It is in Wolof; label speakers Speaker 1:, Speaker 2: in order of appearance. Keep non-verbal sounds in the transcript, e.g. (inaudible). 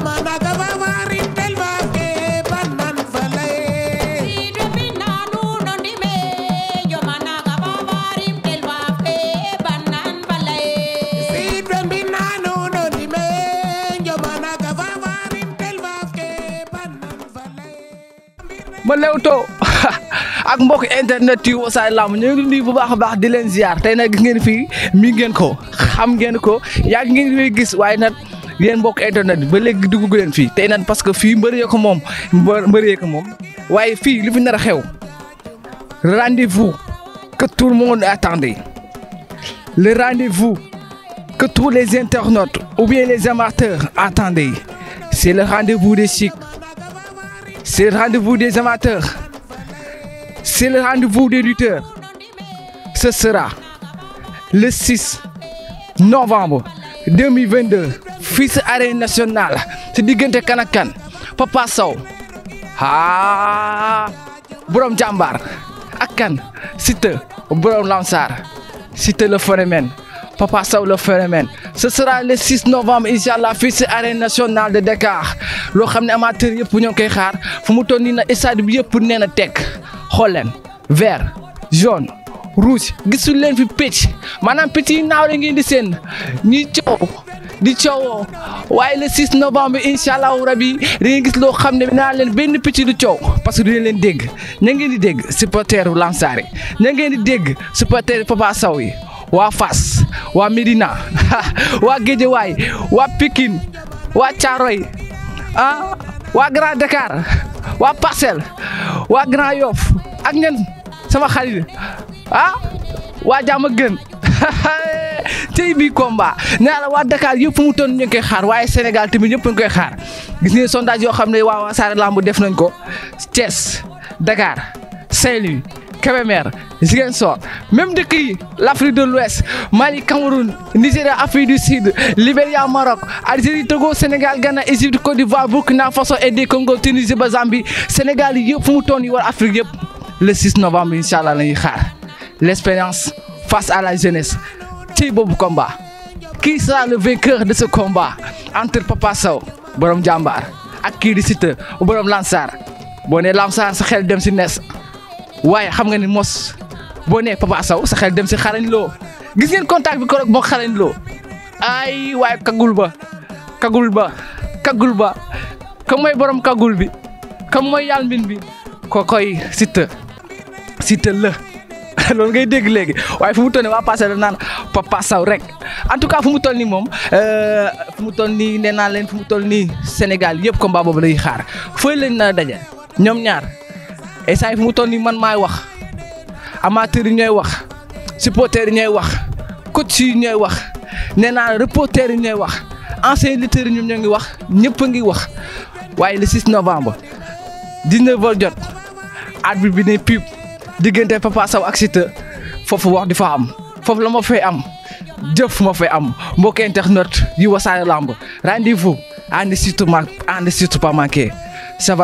Speaker 1: ma Leewtoo (laughs) ak mbokk internet yu Wassare Lamb ñu ngi nuyu baax a baax di leen ziar tey nag gis ngeen fii mi ngeen ko xam ngeen ko yàgg ngeen koy gis waaye nag. yéen mbokk internet bi ba léegi dugg leen fii tey naan parce que fii mbëree ko moom mbëree ko moom waaye fii li fi nar a xew rendez-vous que tout le monde attendait le rendez-vous que tous les internautes ou bien les amateurs attendaient c'est le rendez-vous des chics c'est le rendez-vous des amateurs c'est le rendez-vous des lutteurs ce sera le 6 novembre 2022 fii si arène nationale si diggante kan kan Papa Sow aa ah, borom jàmbaar ak kan Siteu borom Lansar Siteu le phénomène Papa saw la phénomène ce sera le 6 novembre incha allah fii si de Dakar loo xam ne amateur yëpp ñoo koy xaar fu mu toll nii na stade bi yëpp nee na teg xool leen vert jaune rouge fi picc maanaam picc yi naaw la ngeen di seen ñiy coow. di coowoo waaye le 6 novembre incha allahu rabi dañuy gis loo xam ne naa leen benn picc du coow parce que dina leen dégg na ngeen di dégg supporteru Lansar yi na ngeen di dégg supporteru Papa Sow yi waa fas waa Médina (laughs) waa Guédiawaye waa Pikine waa Thiaroye ah waa Grand waa Parcelles waa Grand ak ñen sama xarit ah waa Jàmm gën (laughs) tey bii combat nee la waa Dakar yëpp fu toon ñu ngi koy xaar waaye Sénégal tamit ñëpp ñu koy xaar gis ngeen sondage yoo xam ne waa Wassare Lamb def nañ ko Thiès Dakar Saint-Louis Kébémer Ziguinchor dëkk yi l'Afrique de l'Ouest Mali Cameroun Nigéria Afrique du Sud Libéria Maroc Algérie Togo Sénégal Ghana Égypte Côte d'Ivoire Burkina Faso et des Congo Tunisie ba Zambie Sénégal yëpp fu mu toon yi war Afrique yëpp le 6 novembre incha allah la xaar l' expérience face à la jeunesse ci boobu komba qui sera le vainqueur de ce combat entre borom jàmbaar ak kii di Siteu borom Lansar boo nee Lansar sa xel dem si Nes waaye xam nga ni mos boo nee Papa Sow sa xel dem si xarañ loo gis ngeen contact bi ko rek moo xarañ loo ay waaye kagul ba kagul ba kagul ba ka borom kagul bi kam mooy yàlla mbin bi ko koy Siteu Siteu la. (laughs) loolu ngay dégg léegi waaye fu mu toll nii waa passé la naan Papa Sow rek en tout cas fu mu ni moom euh, fu mu toll nii nee naa leen fu mu toll nii Sénégal yëpp combat boobu lay xaar fooy leen na daje ñoom ñaar et saa fu mu toll nii man maay wax amateur yi ñooy wax supporters yi ñooy wax coach yi ñooy wax nee naa reporters yi ñooy wax anciens lutteurs yi ñoom ñoo ngi wax ñëpp a ngi wax waaye le 6 novembre 19 jot arbitre bi ne pipe. diggante Papa Sow ak Siteu foofu wax di fa am foofu la ma fay am jëf ma fay am mbokk internet yi Wassare Lamb rendez-vous à ne surtout ma à ne surtout pas